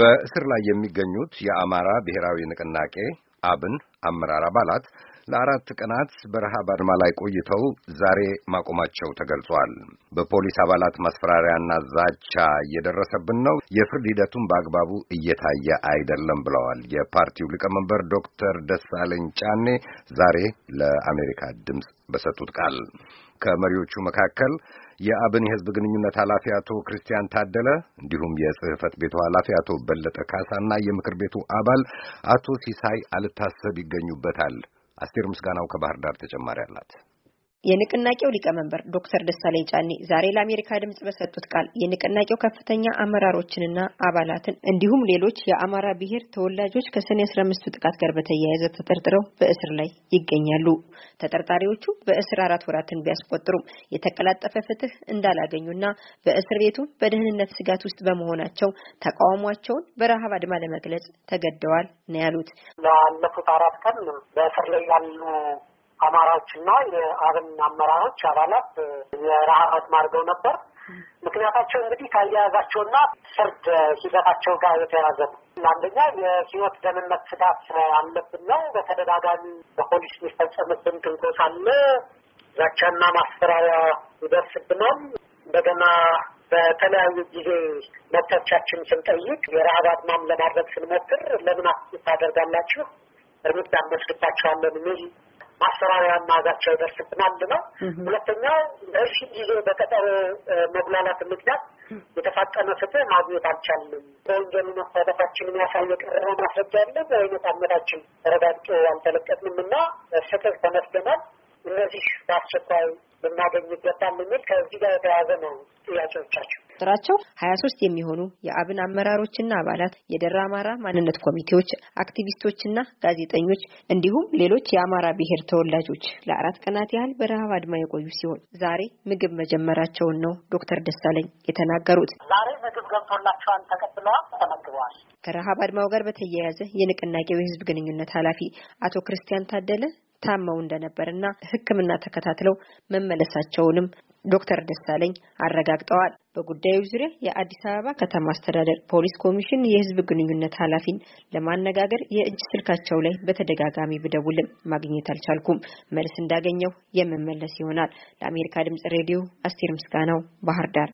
በእስር ላይ የሚገኙት የአማራ ብሔራዊ ንቅናቄ አብን አመራር አባላት ለአራት ቀናት በረሃ ባድማ ላይ ቆይተው ዛሬ ማቆማቸው ተገልጿል። በፖሊስ አባላት ማስፈራሪያና ዛቻ እየደረሰብን ነው፣ የፍርድ ሂደቱን በአግባቡ እየታየ አይደለም ብለዋል። የፓርቲው ሊቀመንበር ዶክተር ደሳለኝ ጫኔ ዛሬ ለአሜሪካ ድምፅ በሰጡት ቃል ከመሪዎቹ መካከል የአብን የህዝብ ግንኙነት ኃላፊ አቶ ክርስቲያን ታደለ እንዲሁም የጽህፈት ቤቱ ኃላፊ አቶ በለጠ ካሳና የምክር ቤቱ አባል አቶ ሲሳይ አልታሰብ ይገኙበታል። አስቴር ምስጋናው ከባህር ዳር ተጨማሪ አላት። የንቅናቄው ሊቀመንበር ዶክተር ደሳለኝ ጫኔ ዛሬ ለአሜሪካ ድምጽ በሰጡት ቃል የንቅናቄው ከፍተኛ አመራሮችንና አባላትን እንዲሁም ሌሎች የአማራ ብሔር ተወላጆች ከሰኔ 15ቱ ጥቃት ጋር በተያያዘ ተጠርጥረው በእስር ላይ ይገኛሉ። ተጠርጣሪዎቹ በእስር አራት ወራትን ቢያስቆጥሩም የተቀላጠፈ ፍትህ እንዳላገኙና በእስር ቤቱ በደህንነት ስጋት ውስጥ በመሆናቸው ተቃውሟቸውን በረሃብ አድማ ለመግለጽ ተገደዋል ነው ያሉት። ላለፉት አራት ቀን በእስር ላይ ያሉ አማራዎችና የአብን አመራሮች አባላት የረሃብ አድማ ነበር። ምክንያታቸው እንግዲህ ካያያዛቸውና ፍርድ ሂደታቸው ጋር የተያያዘ ነው። አንደኛ የህይወት ደህንነት ስጋት አለብን ነው። በተደጋጋሚ በፖሊስ የሚፈጸምብን ትንኮሳ አለ። ዛቻና ማስፈራሪያ ይደርስብናል። እንደገና በተለያዩ ጊዜ መብቶቻችን ስንጠይቅ የረሀብ አድማም ለማድረግ ስንሞክር ለምን አስ ታደርጋላችሁ እርምጃ እንወስድባችኋለን የሚል ማሰራሪያና ዛቻ ይደርስብናል ነው። ሁለተኛው ለረዥም ጊዜ በቀጠሮ መጉላላት ምክንያት የተፋጠነ ፍትህ ማግኘት አልቻልንም። በወንጀሉ መሳተፋችን ያሳየ የቀረበ ማስረጃ ያለ በአይነት አመታችን ተረጋግጦ አልተለቀቅንም እና ፍትህ ተመስገናል። እነዚህ በአስቸኳይ ልናገኝ ይገባል የሚል ከዚህ ጋር የተያያዘ ነው ጥያቄዎቻቸው። ቁጥራቸው ሀያ ሶስት የሚሆኑ የአብን አመራሮችና አባላት የደራ አማራ ማንነት ኮሚቴዎች፣ አክቲቪስቶችና ጋዜጠኞች እንዲሁም ሌሎች የአማራ ብሔር ተወላጆች ለአራት ቀናት ያህል በረሃብ አድማ የቆዩ ሲሆን ዛሬ ምግብ መጀመራቸውን ነው ዶክተር ደሳለኝ የተናገሩት። ዛሬ ምግብ ገብቶላቸዋል፣ ተቀብለዋል፣ ተመግበዋል። ከረሃብ አድማው ጋር በተያያዘ የንቅናቄው የህዝብ ግንኙነት ኃላፊ አቶ ክርስቲያን ታደለ ታመው እንደነበርና ሕክምና ተከታትለው መመለሳቸውንም ዶክተር ደሳለኝ አረጋግጠዋል። በጉዳዩ ዙሪያ የአዲስ አበባ ከተማ አስተዳደር ፖሊስ ኮሚሽን የህዝብ ግንኙነት ኃላፊን ለማነጋገር የእጅ ስልካቸው ላይ በተደጋጋሚ ብደውልም ማግኘት አልቻልኩም። መልስ እንዳገኘው የምመለስ ይሆናል። ለአሜሪካ ድምጽ ሬዲዮ አስቴር ምስጋናው ባህር ዳር